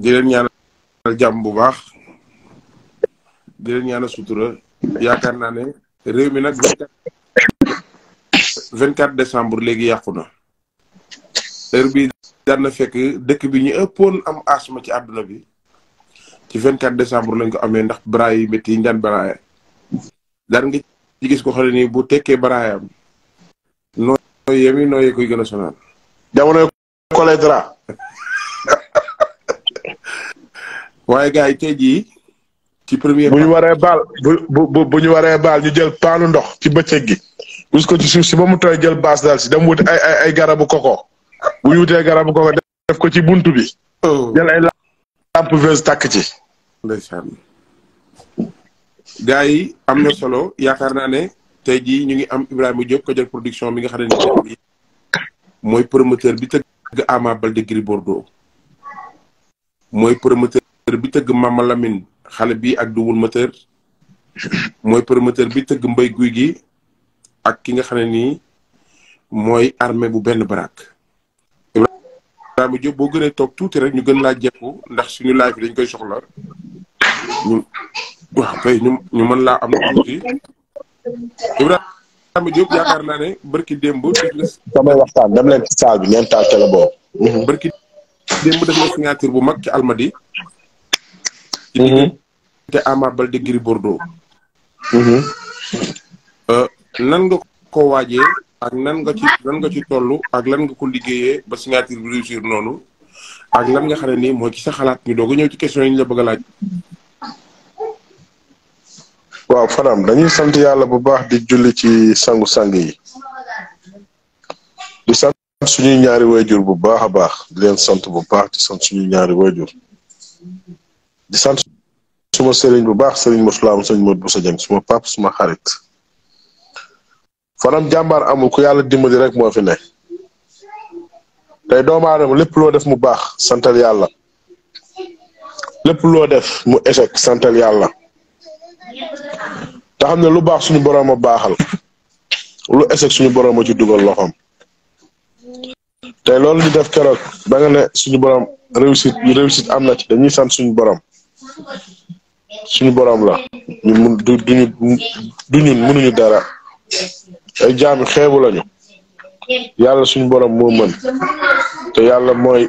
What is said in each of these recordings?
di leen ñaanal jàmm bu baax di leen ñaanal sutura yaakaar naa ne réew mi nag vingt décembre léegi yàqu heure bi daan na fekk dëkk bi ñu ëppoon am asma ci àdduna bi ci vingt quatre décembre lañ ko amee ndax bras yi métti yi ñu daan baraaye nga ci gis ko xam ne bu tekkee baraayam noo yemi noo yee koy gën a sonal jamono collège dra waye gaay yi ji, ci premier. bu waré bal bu bu waré bal, baal ñu jël panu ndox ci bëccëg gi. us ko ci suuf ci ba mu jël baas daal si dem wut ay ay ay garabu koko bu ñu wuté garabu koko def ko ci buntu bi. Oh. jël ay lampe vers tak ci. ndeysaan gars yi am na solo teji ñu ngi am Ibrahima jox ko jël production bi nga xamné ne promoteur bi tëgg Ama Baldé gribordo, Bordeaux mooy promoteur promoteur bi teug Mama Lamine xale bi ak Double Moteur moy promoteur bi teug mbey guuy gi ak ki nga xam ni moy armée bu benn barak Ibrahima Diop boo gënee toog tuuti rek ñu gën la jekku ndax suñu live dañ koy soxla ñu waaw kay ñu ñu mën la am tuuti Ibrahima Diop yaakaar naa ne barki dembu samay waxtaan dem leen ci saal bi ngeen taal télé boobu. barki dembu def na signature bu mag ci Almadi. ci mhm. diggante Ama Baldé Gris Bordeaux mhm. euh, nan nga ko waajee ak nan nga ci nan nga ci toll ak lan nga ko liggéeyee ba signature bi réussir noonu ak lan nga xam ne nii mooy ci sa xalaat ñu doog ñëw ci question yi ñu la bëgg a laaj waaw Fadam dañuy sant yàlla bu baax di julli ci sangu-sang yi di sant suñuy ñaari wayjur bu baax a baax di leen sant bu baax di sant suñuy ñaari wayjur sant suma sëriñ bu baax sëriñ Moussa am sëriñ Modou Boussa Dieng suma pap suma xarit fanam jàmbaar amul ku yàlla dimbali rek moo fi ne tey doomu aadama lépp loo def mu baax santal yàlla lépp loo def mu échec santal yàlla te xam ne lu baax suñu borom a baaxal lu échec suñu borom a ci dugal loxoom te loolu ñu def keroog ba nga ne suñu borom réussit réussite am na ci dañuy sant suñu borom. suñu borom la ñun du duñu du ñun mënuñu dara ay jaami xeebu lañu yàlla suñu borom moo mën te yàlla mooy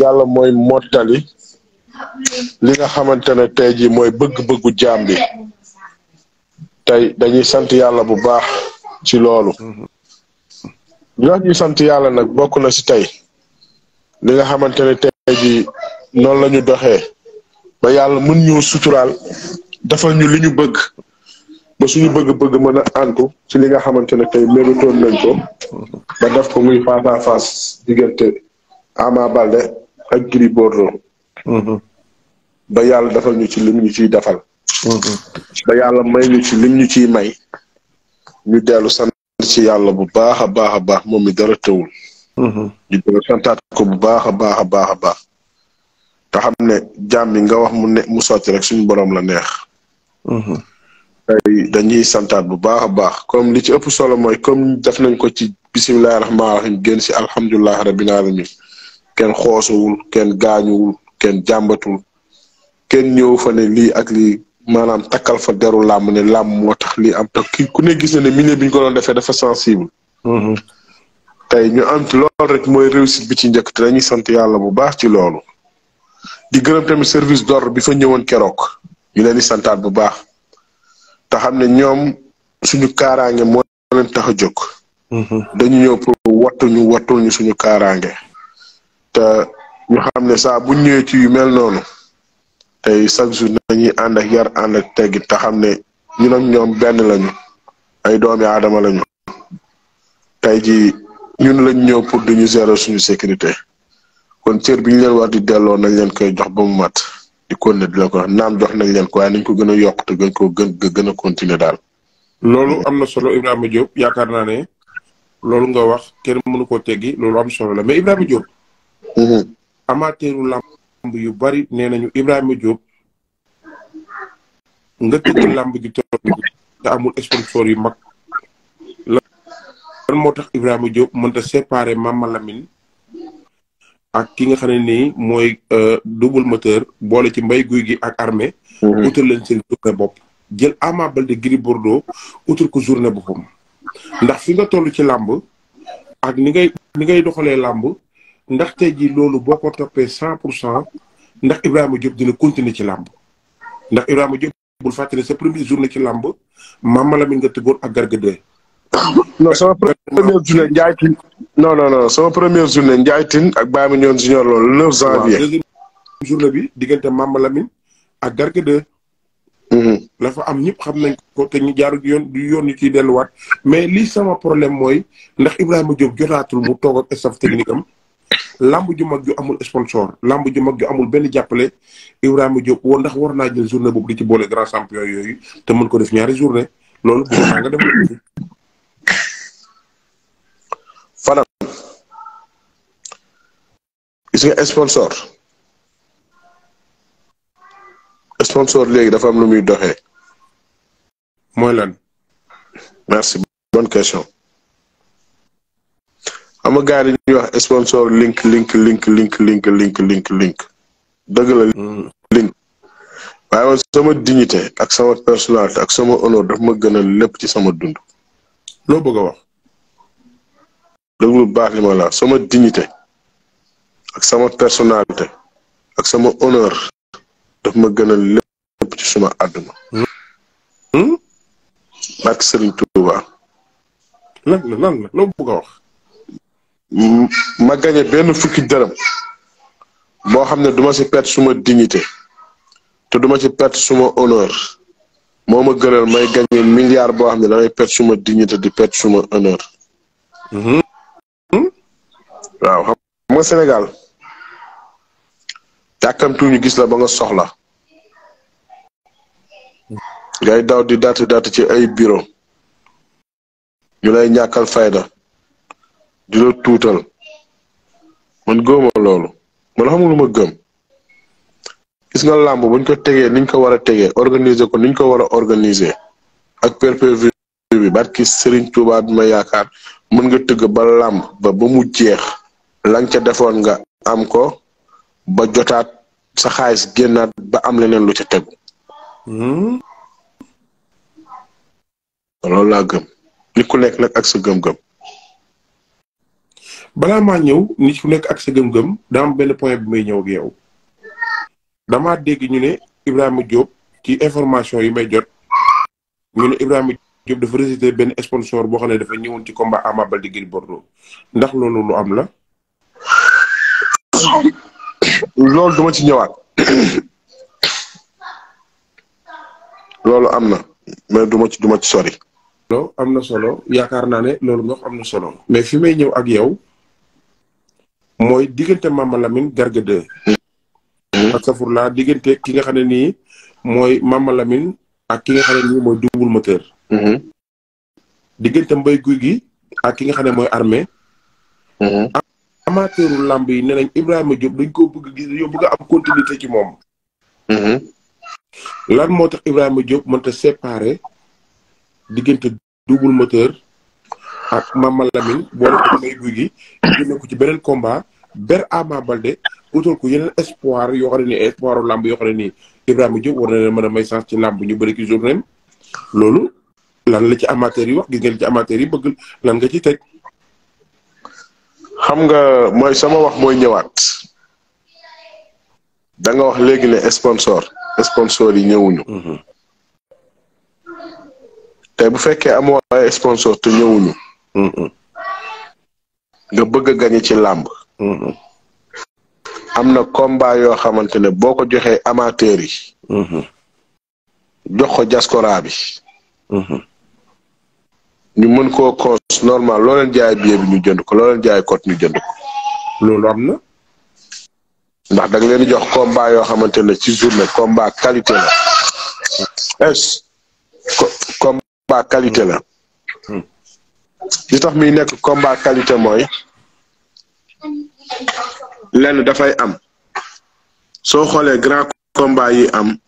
yàlla mooy mottali li nga xamante ne tey jii mooy bëgg-bëggu jaam bi tey dañuy sant yàlla bu baax ci loolu. li ñu sant yàlla nag bokk na si tey li nga xamante ne tey jii noonu la doxee. ba yàlla mën ñoo suturaal dafa ñu li ñu bëgg ba suñu bëgg-bëgg mën a àntu ci li nga xamante ne tey mébétoon nañ ko ba def ko muy face fas face diggante Ama Baldé ak Gris Bordeaux mhm. ba yàlla defal ñu ci lim ñu ciy defal mhm. ba yàlla may ñu ci lim ñu ciy may ñu dellu sant ci yàlla bu baax a baax a baax moom mi dara tëwul mhm. ñu ko bu baax a baax a baax a baax ta xamne ne nga wax mu ne mu soti rek suñu borom la neex. ay mhm. dañuy santat bu baax baax comme li ci ëpp solo moy comme def nañ ko ci bismillahir rahmanir rahim gën si alhamdullahi rabbil alamin ken xoosuwul ken gaañuwul ken jambatul ken ñew fa ne li ak li manam takal fa deru lam ne lam moo tax am te ku ne gis ne milieu biñ ko doon defé dafa sensible. Mhm. tay ñu am lool rek moy réussite bi ci ñëk dañuy sant yalla bu baax ci loolu. di gërëm tamit service d'ordre bi fa ñëwoon keroog ñu leen di santaat bu baax te xam ne ñoom suñu kaaraange moo leen tax a jóg. Mhm. dañu ñëw pour wattuñu wattuñu suñu kaaraange. te ñu xam ne saa bu ñëwee ci yu mel noonu tey chaque jour nañuy ànd ak yar ànd ak teggin te xam ne ñun ak ñoom benn lañu ay doomi aadama lañu. tey ji ñun lañ ñëw pour duñu gérer suñu sécurité. kon cër bi ñu leen war di delloo nañ leen koy jox ba mu mat di continuer di leen ko nañ leen ko waaye ko gën a yokk te gën koo gën gën a continuer daal. loolu am na solo Ibrahima Diop yaakaar naa ne loolu nga wax kenn mënu koo teggi loolu am solo la mais Ibrahima Diop. Mm-hmm. amateeru làmb yu bari nee nañu Ibrahima Diop nga làmb gi toog amul sponsor yu mag lan moo tax Ibrahima Diop mënta séparer Mama Lamine. ak ki nga xam ne nii mooy euh, double moteur boole ci mbay guy gi ak armée mhm. utal leen seen journée bopp jël Ama Baldé Gris Bordeaux utal ko journée boppam ndax fi nga toll ci làmb ak ni ngay ni ngay doxalee làmb ndax tey jii loolu boo ko toppee cent pour cent ndax Ibrahima Diop dina continuer ci làmb ndax Ibrahima Diop bul fàttali sa premier journée ci làmb Mama Lamine nga tëggoon ak Garga 2 non sama première journée Ndiaye Tine non non non sama première journée Ndiaye Tine ak Baye Mandione Junior loolu le 9 janvier. deuxième journée bi diggante Mama Lamine ak Garga 2. la fa am ñëpp xam nañ ko te ñu jaarul yoon du yoon ñu ciy delluwaat mais lii sama problème mooy ndax Ibrahima Diop jotaatul mu toog ak staff technique am. lamb ju mag ju amul sponsor lamb ju mag ju amul benn jàppale Ibrahima Diop woon ndax war naa jël journée boobu di ci boole grand champion yooyu te mën ko def ñaari journée loolu bu nga dem. gis nga sponsor léegi dafa am lu muy doxee. mooy lan. merci bonne question. xam nga gars wax sponsor link link link link link link link link dëgg la. Hmm. link ak sama personnalité ak sama honneur daf ma gënal lépp ci sama dund. loo bëgg a wax. déglu baax li ma la ak sama personnalité ak sama honneur daf ma gënal lépp ci suma àdduna. Hmm? barke Serigne la lan la loo bëgg ma gañe benn fukki dërëm boo xam ne duma ci perte suma dignité te duma ci perte suma honneur moo ma gënal may gañe milliard boo xam ne damay perte suma dignité di perte suma honneur. Hmm? Hmm? waaw xam Sénégal. yàkkamtu ñu gis la ba nga soxla ngay daw di daat datu ci ay bureau ñu lay ñàkkal fayda di la tuutal man gëma loolu man xam lu ma gëm gis nga làmb buñ ko tegee niñ ko war a tegee organiser ko niñ ko war a organiser ak perpévu bi barki Serigne Touba bi ma yaakaar mën nga tëgg ba làmb ba ba mu jeex lañ ca defoon nga am ko ba jotaat sa xaalis génnaat ba am leneen lu ca tegu. Hmm? loolu laa gëm nit ku nekk nag ak sa gëm-gëm. balaa maa ñëw nit ku nekk ak sa gëm-gëm daa am benn point bi may ñëw ak yow dama dégg ñu ne Ibrahima Diop ci information yi may jot ñu ne Ibrahima Diop dafa résulté benn sponsor boo xam ne dafa ñëwoon ci combat Ama Baldé Gris Bordeaux ndax loolu lu am la. loolu duma ci ñëwaat loolu am na mais duma ci duma ci sori. loolu am na solo yaakaar naa ne loolu ndox am na solo. mais fi may ñëw ak yow mooy diggante Mama Lamine Garga 2. astafurlaa diggante ki nga xam ne nii mooy Mama Lamine ak ki nga xam ne mooy double moteur. Mm-hmm. diggante mbay guy gi ak ki nga xam ne mooy armée. Mm-hmm. amateuru làmb yi nee nañ Ibrahima Diop dañ koo bëgg gis dañoo bëgg a am continuité ci moom. Mm-hmm. lan moo tax Ibrahima Diop mënta séparé diggante double moteur ak Mama Lamine boole ko may guy gi génne ko ci beneen combat a Ama Balde utal ko yeneen espoir yoo xam ne nii espoiru làmb yoo xam ne nii Ibrahima Diop war may chance ci làmb ñu bëri ki journée loolu lan la ci amateur yi wax gis ngeen ci amateur yi bëgg lan ga ci teg. xam nga moy sama wax mooy ñëwaat danga wax léegi ne sponsor sponsor yi ñëwuñu. Mhm. te bu fekkee amoo ay sponsor te ñëwuñu. Mhm. nga bëgg a gañe ci làmb. Mhm. am na combat yoo xamante ne boo ko joxee amateur yi. jox ko diaspora bi. ñu mën koo cons normal loo jaay billet bi ñu jënd ko loo jaay cote ñu jënd ko. loolu am na. ndax da nga leen di jox combat yoo xamante ne ci journée combat qualité la. est la. Hmm. li tax muy nekk combat qualité mooy. lenn dafay am. soo xoolee grand combat yi am.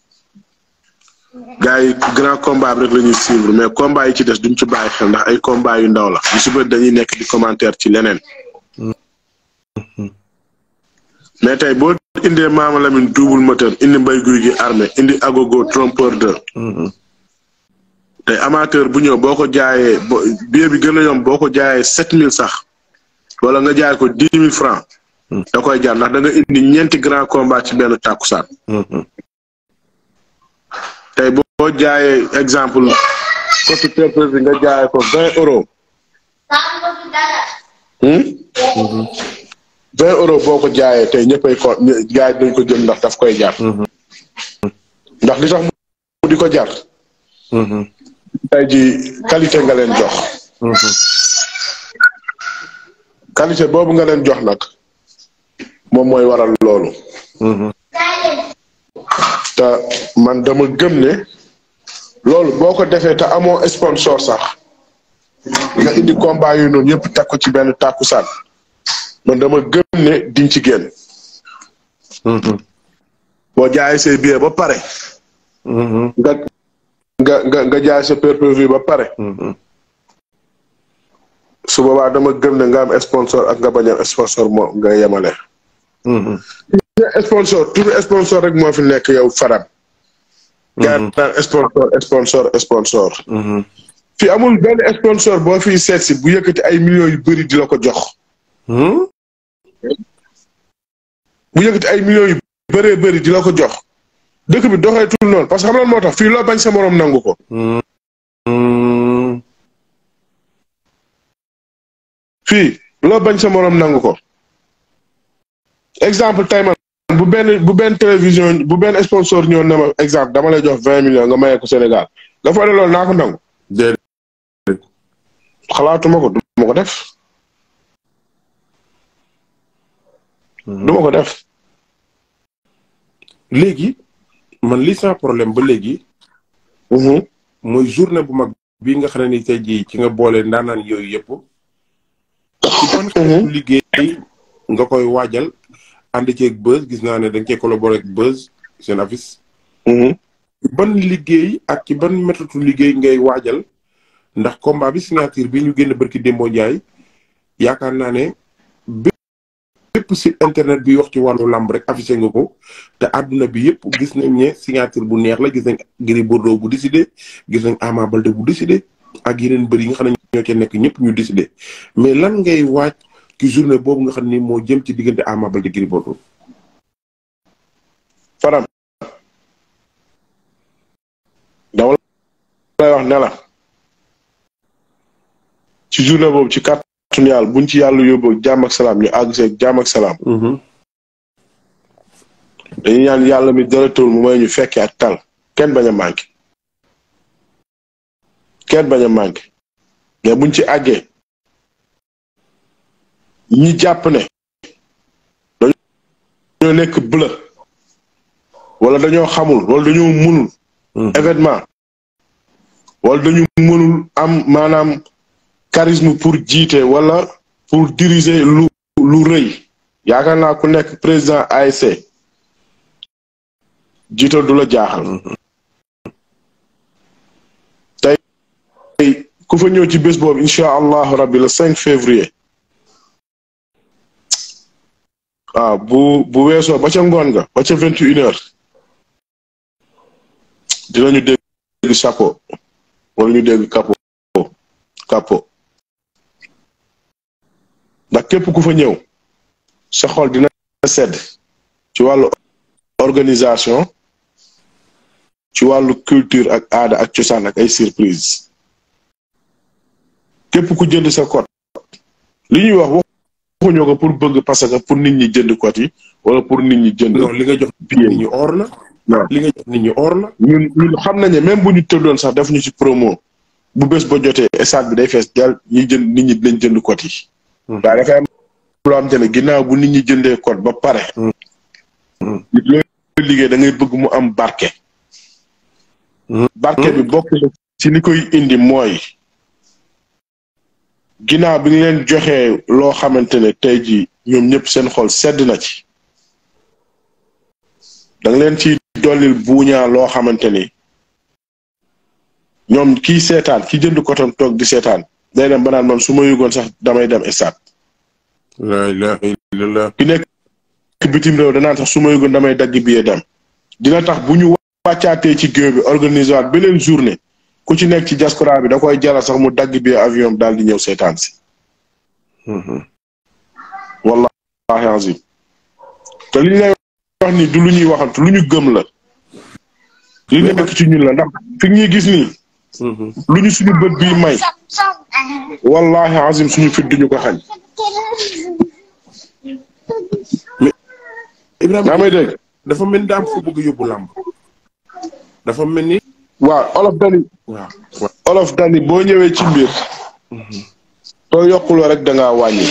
gars yi grand combat bi rek la ñuy suivre mais combat yi ci des duñ ci bàyyi xel ndax ay combat yu ndaw la yu si bëri dañuy nekk ci commentaire ci leneen. mais tey boo indee Maama Lamine duubul moteur indi mbay guy gi armé indi agogo trompeur de. tey amateur bu ñëw boo ko jaayee bo billet bi gën a yomb boo ko jaayee sept mille sax wala nga jaay ko dix mille franc. da koy jaar ndax da nga indi ñeenti grand combat ci benn tàkkusaan boo jaayee exemple côté pepper bi nga jaay ko ben euros. Hmm? vingt boo ko jaayee tey ñëppay ko gars yi ko jël ndax daf koy jar. ndax li tax mu di ko jar. tey ji qualité nga leen jox. qualité boobu nga leen jox nag moom mooy waral loolu. te man dama gëm ne. loolu boo ko defee ta amoo sponsor sax nga indi combat yooyu noonu yëpp teg ci benn tàkkusaan man dama gëm ne diñ ci génn. Mm-hmm. boo jaayee say billet ba pare. Mm-hmm. nga nga nga nga jaay sa pay ba pare. Mm-hmm. su boobaa dama gëm ne nga am sponsor a nga bañ a sponsor moo nga yemale. sponsor tur sponsor rek moo fi nekk yow faram. gaan mhm. naan sponsor sponsor sponsor. Mhm. fi amul benn sponsor boo fiy seet si bu yëkkati ay millions yu bëri di la ko jox. Hmm? bu yëkkati ay millions yu bëree bëri di ko jox dëkk bi doxeetul noonu parce que xam lan moo tax fii loo bañ sa moroom nangu ko. Hmm. fii loo bañ sa moroom nangu ko exemple tey bu benn bu benn télévision bu benn sponsor ñëw na exemple dama lay jox vingt millions nga maye ko Sénégal nga foog ne loolu naa ko nangu. déedéet xalaatuma ko du ma ko def. Hmm. du ko def. léegi man li sans problème ba léegi. moy mhm. journée bu mag bii nga xam ne ni tey jii ci nga boole ndaanaan yooyu yëpp. Mhm. ci ban liggéey nga koy waajal. ànd ceeg Buzz gis naa ne dañ cee collaboré ak Buzz seen affiche. Mm-hmm. ban liggéey ak ci ban méthode liggéey ngay waajal ndax combat bi signature bi ñu génn barki Dembo Ndiaye yaakaar naa ne bépp site internet bi wax ci wàllu làmb rek affiché nga ko te àdduna bi yëpp gis nañ ne signature bu neex la gis nañ Gris Bordeaux bu décidé gis nañ Ama Baldé bu décidé ak yeneen bëri yi nga xam ne ñoo ca nekk ñëpp ñu décidé mais lan ngay waaj ci journée boobu nga xam ni moo jëm ci diggante Ama Baldé Gris Bordeaux. Fadam. dama lay wax ne ci journée boobu ci kàttanu yàlla buñ ci yàlla yóbbu jàmm ak salaam ñu àgg see jàmm ak salaam. Mm-hmm. dañu ñaan yàlla mi dara tóol mu ñu fekkee ak tal kenn bañ a manqué. kenn bañ a manqué. buñ ci àggee. ñi jàpp ne dañoo wala dañoo xamul wala dañoo mënul hmm. événement wala dañu mënul am maanaam karisme pour jiite wala pour diriger lu lu rëy yaakaar naa ku nekk président ASC jiital du la jaaxal hmm. tey ku fa ci bés boobu incha allahu rabbi le cinq février waaw bu bu weesoo ba ca ngoon nga ba ca vingt et une ñu dégg sapo wala ñu dégg capo kapo ndax képp ku fa ñëw sa xol dina sedd ci wàllu organisation ci wàllu culture ak aada ak cosaan ak ay surprise képp ku jënd sa code li ñuy wax waxuñoo ko pour bëgg parce que pour nit ñi jënd kot yi wala pour nit ñi jënd. li nga jox nit ñi or la. waaw li nga jox ñi or la. xam nañ ne même bu ñu tëddoon sax def ñu ci promo bu bés ba jotee stade bi day fees dell ñuy jënd nit ñi dinañ jënd kot yi. Hmm. waaye dafay am loo xam te ginnaaw bu nit ñi jëndee kot ba pare. Hmm. Hmm. liggéey da bëgg mu am barke. barke bi bokk ci ni koy indi mooy. ginaaw bi nga leen joxee loo xamante ne tey jii ñoom ñëpp seen xol sedd na ci da leen ci dollil buñaa loo xamante ni ñoom kii seetaan ki jënd kotam toog di seetaan day dem ba naan man su ma yëgoon sax damay dem stade. la ki nekk bitim réew danaan sax su ma yëgoon damay dagg billet dem. dina tax bu ñu wàccaatee ci géew bi organiser waat beneen journée. ku ci nekk ci diaspora bi da koy jara sax mu dagg bi avion daal di ñëw seetaan si. Mhm. wallaahi azim te li lu ñuy waxantu lu ñu gëm la. li nekk ci la ndax fi ñuy gis nii. Mhm. lu ñu suñu bët bii may. wallaahi azim suñu fit duñu ko xañ. mais Ibrahima may dégg dafa mel ni daa am yóbbu làmb dafa mel waaw olof dani olof dani boo ñëwee ci mbir mhm. soo yokkuloo rek da ngaa wàññi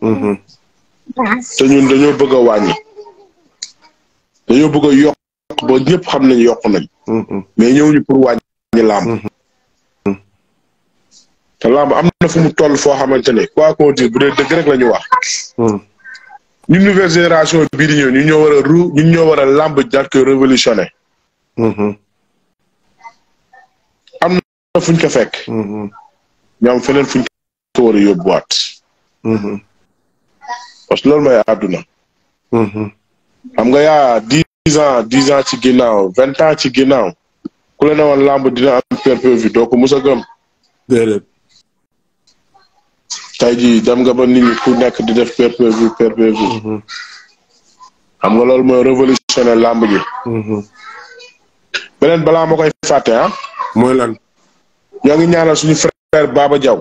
mhm. te ñun dañoo bëgg a dañoo bëgg a yokk ba ñëpp xam nañ yokk nañ mhm. mais ñëw pour wàññi làmb te làmb am na fu mu toll foo xamante ne quoi qu'on dise bu dee dëgg rek la wax ñun génération bii di ñëw ñu ñoo war a ru ñoo war a làmb jaar ko révolutionné fuñ ko fekk. ñoom mm-hmm. feneen fuñ ko war a yóbbuwaat. Mm-hmm. parce que loolu mooy àdduna. Mm-hmm. xam nga yaa dix ans dix ans ci ginnaaw vingt ans ci ginnaaw ku la ne woon làmb dina am pay-per-view doo ko mos a jii dem nga ba nit ku nekk di def pay per nga loolu mooy révolutionnaire làmb ji. beneen balaa ma koy fàtte ah. mooy lan. ñoo ngi ñaanal suñu frère Baba jaw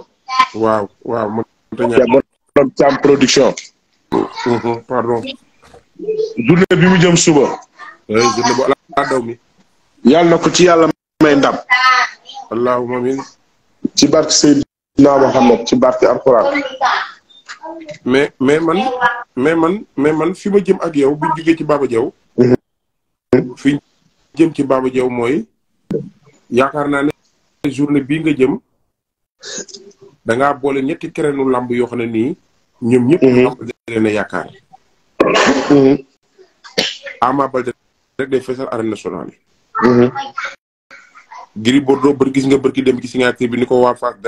waaw waaw man. borom Sam production. Mm-hmm, pardon. journée bi mu jëm suba. journée bu ala daw mi. yàlla na ko ci yàlla may ndam. allahumma amin. ci barke Seydina Mohamed ci barke Alquran. mais mais man mais man mais man fi ma jëm ak yow buñ jugee ci Baba Diaw. Mm-hmm. fi jëm ci Baba Diaw mooy yaakaar naa journée bi nga jëm da nga bolé ñetti kerenu lamb yo xamné ni ñom ñepp ñëpp mhm. Ama Baldé leen a yaakaar mhm. Ama Baldé rek day fessel arène nationale mhm. giri bordo bër gis nga bër ki dem ci signature bi niko wa waa Fass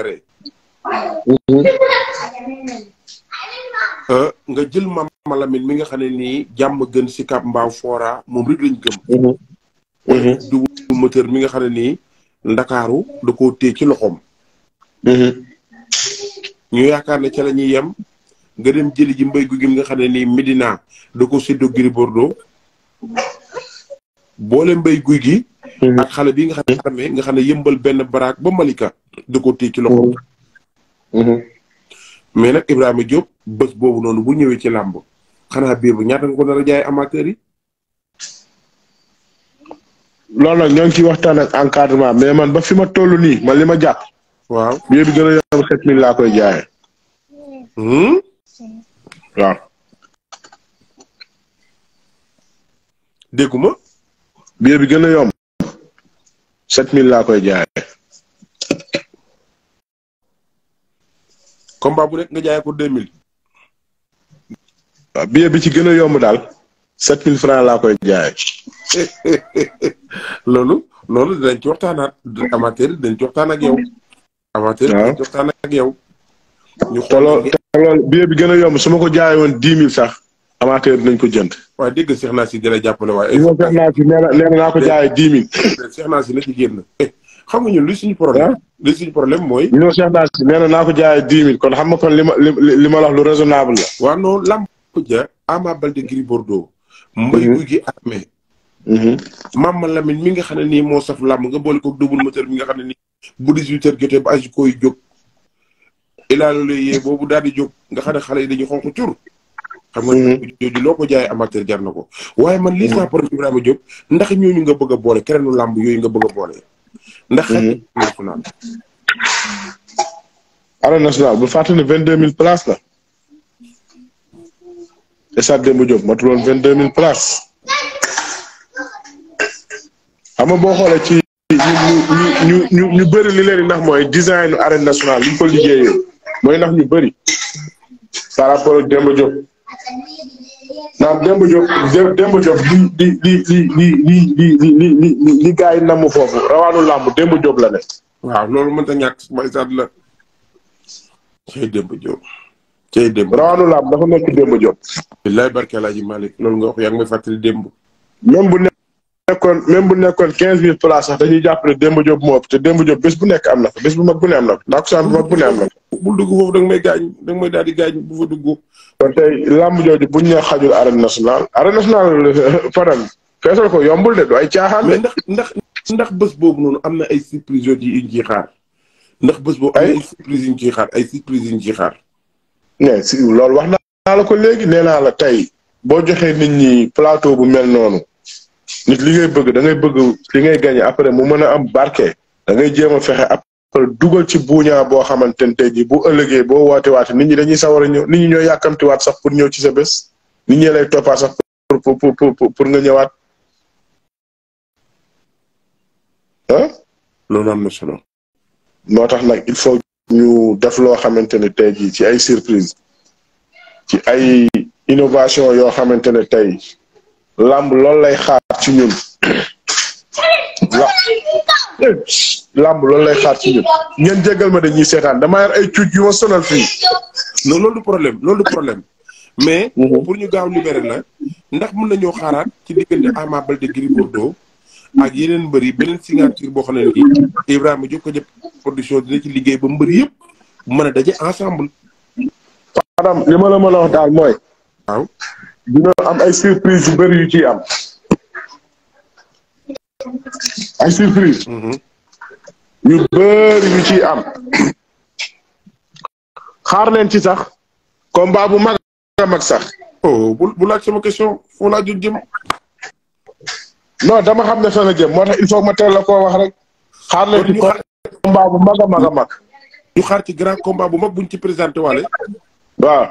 euh nga jël Mama Lamine mi nga xamné ni nii gën ci cap mbaw fora mom rek lañu gëm du moteur mi nga xamné ni ndakaaru da téye ci loxoom. Mm-hmm. ñu yaakaar ne ca la ñuy yem nga dem jëli ji mbéy gu gi nga xam ne nii Medina da ko séddoo Gris Bordeaux boole mbay guy gi. Mm-hmm. ak xale bi nga xam ne nga xam ne yëmbal benn baraak ba Malika da koo téye ci loxoom. Mm-hmm. mais nag Ibrahima Diop bës boobu noonu bu ñëwee ci làmb xanaa biir bu ñaata nga ko nar a jaay amateur yi. loolu nag ñoo ngi ciy waxtaan ak encadrement mais man ba fi ma toll nii man li ma jàpp. waaw billet bi gën a yomb sept mille laa koy jaay hmm? waaw. dégguma. billet bi gën a yomb sept laa koy jaayee. combat bu nekk nga jaay pour deux mil waaw billet bi ci gën a yomb daal. sept mille francs laa koy jaay loolu loolu dinañ ci waxtaanaat amateur yi dinañ ci waxtaan ak yow. amateur yi dinañ ci ak yow. ñu xooloo te loolu billet bi gën a yomb su ma ko jaayee woon dix mille sax amateur dinañ ko jënd. waaw dégg nga Cheikh Nassi dina jàppale waaye. yow Cheikh Nassi nee na nee na naa ko jaayee dix mille. Cheikh génn. Eh, xam nga ñun li suñu problème. li suñu problème mooy. ñoo Cheikh Nassi nee na naa ko jaayee dix mille kon xam nga kon li ma li ma wax lu raisonnable la. waaw non lamb ja Ama Baldé Gris Bordeaux. mbay mhm. guy gi armée mhm. Mama Lamine mi nga xam ne nii moo saf làmb nga boole ko double moteur mi nga xam ne nii bu 18 heures jotee ba aju koy jóg ilaalo lay yee boobu daal di jóg nga xam ne xale yi dañuy xonq cur xam nga mhm. jooju loo ko jaayee amateur jar na ko waaye man lii sa problème Ibrahima Diop ndax ñooñu nga bëgg a boole kereenu làmb yooyu nga bëgg a boole ndax xaj national arène national bu fàttali ne vingt deux mille places la stade Demba bu job woon vingt deux mille places xam boo xoolee ci ñu ñu ñu bëri li leen nax mooy design nu arène nationale li ñu ko liggéeyee mooy nax ñu bëri par rapport ak Demba Diop naam Demba Diop Demba Diop li li li li li li li li li gars yi namm foofu rawaanu làmb Demba Diop la ne. waaw loolu mënta ñàkk Mbaye Sadd la. Demba Diop. tey dem rawaanu lam dafa nek démb Diop. billahi barke El malik non nga wax yak may fatali démb. même bu nekkon même bu nekkon 15000 mille places sax dañuy japp ne démb Diop moo te démb Diop bes bu nek amna bes bu mag bu ne amna nak sa bu mag bu ne amna bu dugg fofu dag may gañ dag may dadi gañ bu fa dugg. kon tey lamb jooju bu ñe xajul arena national arena national fanam fessel ko yombul de do ay caaxaan. ndax ndax ndax bés boobu noonu am ay surprise yu ñu ciy xaar ndax bes bobu ay surprise yi ñi xaar ay surprise yi ñi xaar mais loolu wax na la ko léegi nee naa la tey boo joxee nit ñi plateau bu mel noonu nit li ngay bëgg da ngay bëgg li ngay gagné après mu mën a am barke da ngay jéem a fexe après dugal ci buuñaa boo xamante ne tey jii bu ëllëgee boo woote waate nit ñi dañuy sawar a ñëw nit ñi ñooy yàkkamtiwaat sax pour ñëw ci sa bés nit ñi lay toppaat sax pour pour pour nga ñëwaat. ah. loolu am na solo. tax nag il faut ñu def loo xamante ne tey jii ci ay surprise ci ay innovation yoo xamante ne tey làmb loolu lay xaar ci ñun làmb loolu lay xaar ci ñun ngeen jégal ma dañuy seetaan dama yar ay cuuj yu ma sonal fii lool loolu du problème loolu du mais mhm. pour ñu gaaw libéré la ndax mën nañoo xaaraat ci diggante Ama Baldé Gris Bordeaux ak yeneen mbër yi beneen signature boo xam ne nii Ibrahima Diop ko jëpp production dina ci liggéey ba mbër yëpp mën a daje ensemble. maanaam li ma la mën a wax daal mooy. waaw dina am ay surprise yu bëri yu ciy am. ay surprise. Mhm. yu bëri yu am. xaar leen ci sax. combat bu mag a mag sax. oh bu bu laaj sama question foo laa jot jëm. non dama xam ne fenn jëm moo tax il faut ma teel la koo wax rek. xaar leen ci combat bu mag a mag a xaar ci grand combat bu mag buñ ci présenté waale. waaw.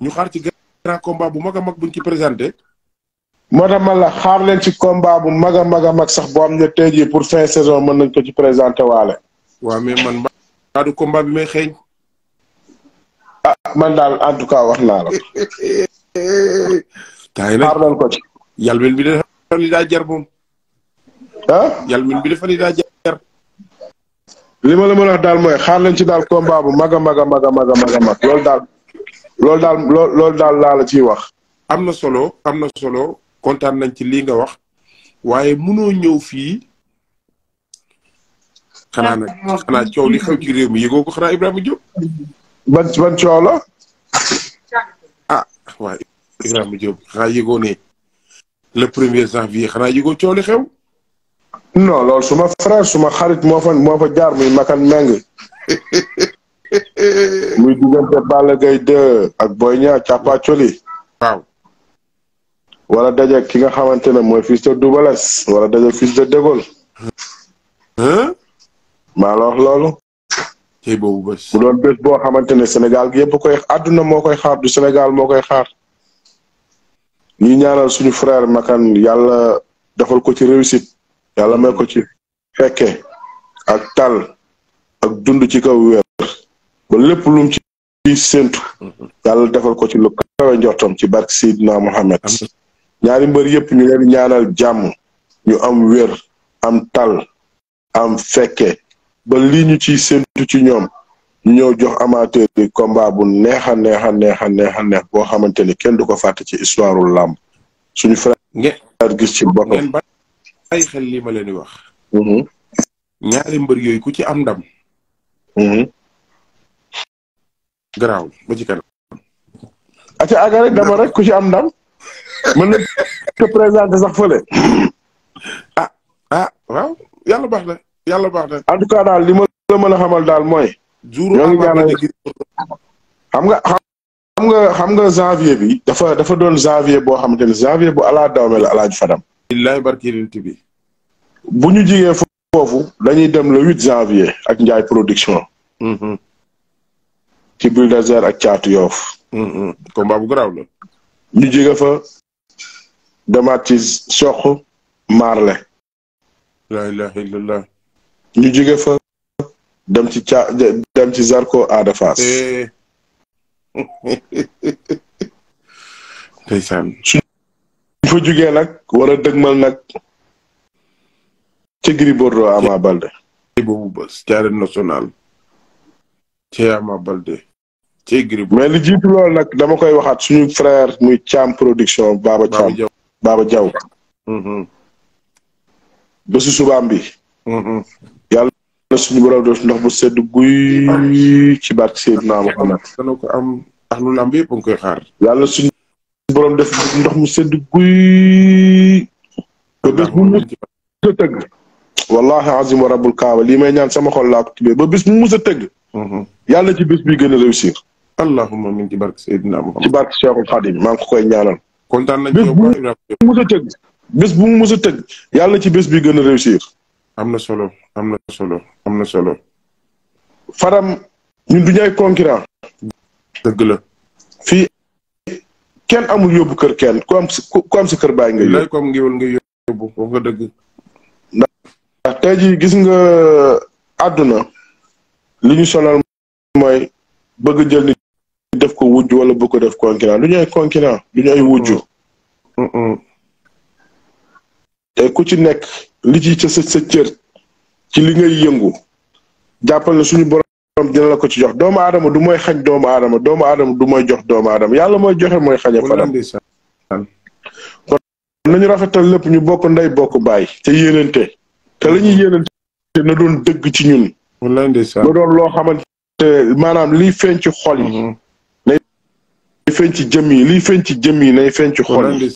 ñu xaar ci grand combat bu mag mag buñ ci présenté. moo man la xaar leen ci combat bu mag a mag a mag sax boo am ne tey pour fin saison mën nañ ko ci présenté waale. wa mais man maa du combat bi may xeeñ. ah man daal en tout cas wax naa la. xaar leen ko ci. yal min bi de ni daa jar moom. ah yal min bi dafa ni jar. li ma la mën a wax daal mooy xaar leen ci daal combat bu mag a mag a mag a mag a mag daal laa la ciy wax. am na solo am na solo kontaan nañ ci lii nga wax waaye munoo ñëw fii xanaa nag xanaa li xew ci réew mi yëgoo ko xanaa Ibrahima le premier janvier xanaa yëgoo coow li xew. non loolu suma frère suma xarit moo fa moo fa jaar muy makan meng. muy diggante Balla Gaye 2 ak Boy Capa Coli. waaw. wala daje ki nga xamante ne mooy fils de Double wala daje fils de De Gaulle. maa la wax loolu. tey boobu bés. mu doon xamante ne Sénégal gi yëpp koy àdduna moo koy xaar du Sénégal moo koy xaar. ñuy ñaanal suñu frère Makan yàlla defal ko ci réussite yàlla may ko ci fekke ak tal ak dund ci kaw weer ba lépp lum ci séntu yàlla defal ko ci lu kawe njortam ci barke Seydina Mohamed ñaari mbër yëpp ñu ñaanal jàmm ñu am wér am tal am fekke ba lii ñu ciy séntu ci ñoom ñu ñëw jox amateur bi combat bu neex a neex a neex a neex boo xamante ni kenn du ko fàtte ci histoire u làmb suñu frère. ngeen gis ci boppam ngeen xel li ma leen di wax. Mm-hmm. ñaari mbër yooyu ku ci am ndam. Mm-hmm. garaaw ba ci kanam. ati aga rek dama rek ku ci am ndam. mën na ko présenté sax fële. ah ah waaw yàlla baax na yàlla baax na. tout cas daal li ma la a xamal daal mooy. juru xam nga xam nga xam nga janvier bi dafa dafa doon janvier boo xam ne janvier bu alaa dawme la alaaj fadam illahi barkirint bi bu ñu jigee foofu dañuy dem le huit janvier ak njaay production mm-hmm. ci Bulldozer ak caatu yoof mm-hmm. combat bu garaaw la ñu jige fa demaat ci soq maarle ñu jige fa dem ci ca dem ci Zarko Ada Fass. ndeysaan suñ jugee nag war a dëgmal nag ci Gris Bordeaux Ama Balde. boobu bës ci arène nationale ci Ama Balde ci Gris mais li jiitu loolu nag dama koy waxaat suñu frère muy caam production Baba Thiam Baba Diaw. Mhm. bésu subaam bi. Mhm. na suñu borom def ndox bu sedd guy ci barke Seydina Muhammad dana ko am ndax lu lamb yëpp a ngi koy xaar. yàlla suñu borom def ndox mu sedd guy. ba bés bu mu mus a tëgg. wallahi azim wa rabbul kaaba lii may ñaan sama xol laa ko ba bés bu mu mus a tëgg. Mhm. yàlla ci bés bi gën a réussir. allahumma min ci barke Seydina Muhammad ci barke Cheikhul Khadim maa ngi ko koy ñaanal. kontaan nañ ci bu mus a teg bés bu mu mus a tëgg yàlla ci bés bi gën a réussir. am na solo am na solo am na solo. faram ñun du ñu ay concurrent. dëgg la. fii kenn amul yóbbu kër kenn ku am ku am sa kër bàyyi nga yóbbu. comme ngiwul nga yóbbu wax nga dëgg. ndax tey jii gis nga euh, àdduna li ñu sonal mooy bëgg jël nit def ko wujj wala bëgg ko def concurrent du ñu ay concurrent du ñu ay wujj. Mm. Mm, mm. te ku ci nekk. li ci ca sa sa cër ci li ngay yëngu jàppal na suñu borom dina la ko ci jox doomu aadama du mooy xañ doomu aadama doomu aadama du mooy jox doomu aadama yàlla mooy joxe mooy xañe fadam kon nañu rafetal lépp ñu bokk nday bokk baay te yéenante te lañuy ñuy yéenante na doon dëgg ci ñun na doon loo xamante maanaam liy feeñ ci xol yi mm-hmm. nay feeñ ci jëm yi liy feeñ ci jëm yi nay feeñ ci xol yi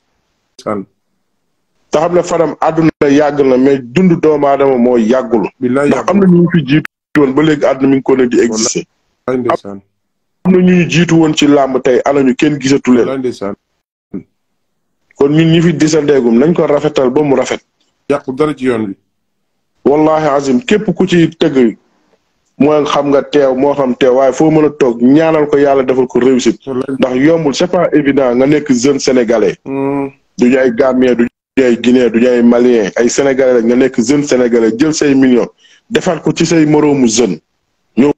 te xam ne Fadam àdduna yàgg na mais dund doomu aadama moo yàggul. ndax am na ñu ñu fi jiitu woon ba léegi àdduna mi ngi ko ne di exister. am na ñu ñu jiitu woon ci làmb tey ana ñu kenn gisatu leen. kon ñun ñu fi disandeegum nañ ko rafetal ba mu rafet. yàqu dara ci yoon wi. wallahi azim képp ku ci tëgg mooy xam nga teew moo xam teew waaye foo mën a toog ñaanal ko yàlla deful ko réussite. ndax yombul c'est pas évident nga nekk jeune sénégalais. Mm. duñu ay gambien ay Guinée du ñu ay Malien ay Sénégalais rek nga nekk jeune Sénégalais jël say millions defaat ko ci say moroomu jeune ñoo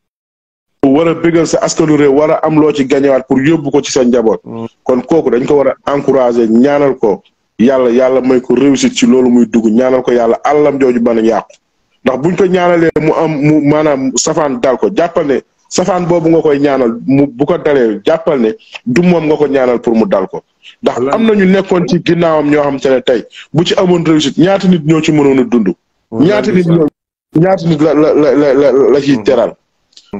war a bëggal sa askanu réew war am loo ci gañewaat pour yóbbu ko ci sa njaboot. Mm. kon kooku dañ ko war a encourager ñaanal ko yàlla yàlla may ko réussite ci loolu muy dugg ñaanal ko yàlla àllam jooju ban a yàqu ndax buñ ko ñaanalee mu am mu maanaam safaan dal ko jàppal safaan boobu nga koy ñaanal mu bu ko dalee jàppal ne du moom nga ko ñaanal pour mu dal ko. ndax am na ñu nekkoon ci ginnaawam ñoo xam te ne tey bu ci amoon ñaata nit ñoo ci mënoon a dund. ñaata nit ñoo ñaata nit la la la la la hmm. teral.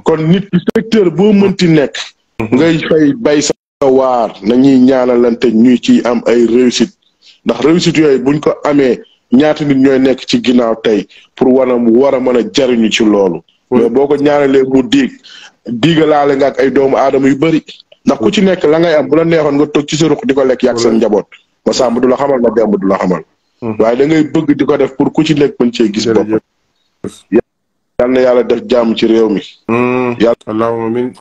kon nit secteur boo mënti nekk. Hmm. ngay fay bay sa waar nañuy ñaanalante ñuy ci am ay réussite ndax réussite yooyu buñ ko amee ñaata nit ñooy nekk ci ginnaaw tey pour war mu war a mën a jariñu ci loolu. Hmm. mais boo ko ñaanalee mu diig diigalaale nga ak ay doomu aadama yu bëri ndax ku ci nekk la ngay am bu la neexoon nga toog ci sa ruq di ko lekk yàgg seen njaboot ma sàmm du la xamal ma demb du la xamal hmm. waaye da ngay bëgg di ko def pour ku ci nekk mën cee gis bopp yal na yàlla def jàmm ci réew mi hmm. yàlla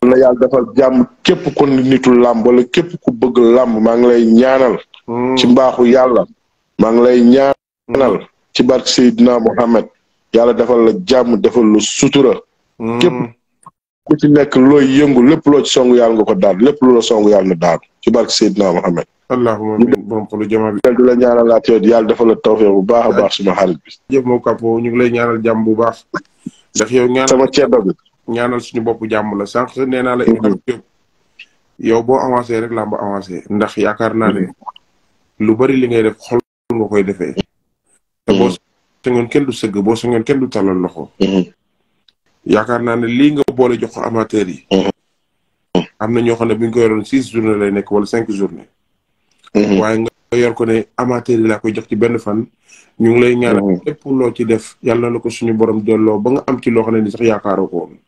na yàlla defal jàmm képp ku nitul làmb wala képp ku bëgg làmb maa ngi lay ñaanal hmm. ci mbaaxu yàlla maa ngi lay ñaanal ci barke Seydina Mohamed yàlla defal la jàmm defal la sutura képp ku ci nekk looy yëngu lépp loo ci songu yàlla nga ko daan lépp lu la songu yàlla na daan ci barke Seydina Mohamed. allahumma amiin borom xolu jamaa bi. la ñaanalaat yow yàlla dafa la bu baax a baax suma xarit bi. jëf moom Kapo ñu ngi lay ñaanal jàmm bu baax. ndax yow ñaanal sama ceddo bi. ñaanal suñu bopp jàmm la sànq nee naa la. Mm-hmm. yow boo avancé rek làmb avancé. ndax yaakaar naa ne lu bari li ngay def xol nga koy defee. te boo mm-hmm. sañoon kenn du sëg boo sañoon kenn du talal loxo. Mm-hmm. yaakaar naa ne boole jox ko amateur yi. Mm-hmm. Mm-hmm. am na ñoo xam ne bu ko yoroon six journée lay nekk wala cinq journée. Mm-hmm. waaye nga yor ko ne amateur yi laa koy jox ci benn fan. ñu ngi lay ñaanal lépp loo ci def yàlla na la ko suñu borom delloo ba nga am ci loo xam ne ni sax yaakaaroo ko woon.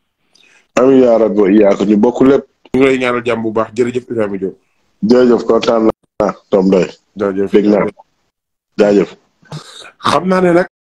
amiin yaa rabbi yaakaar ñu bokk lépp. ñu ngi lay ñaanal jàmm bu baax jërëjëf Ibrahima Diop. jërëjëf kontaan naa Tom Mbaye. jërëjëf dégg naa jaajëf. xam naa ne nag.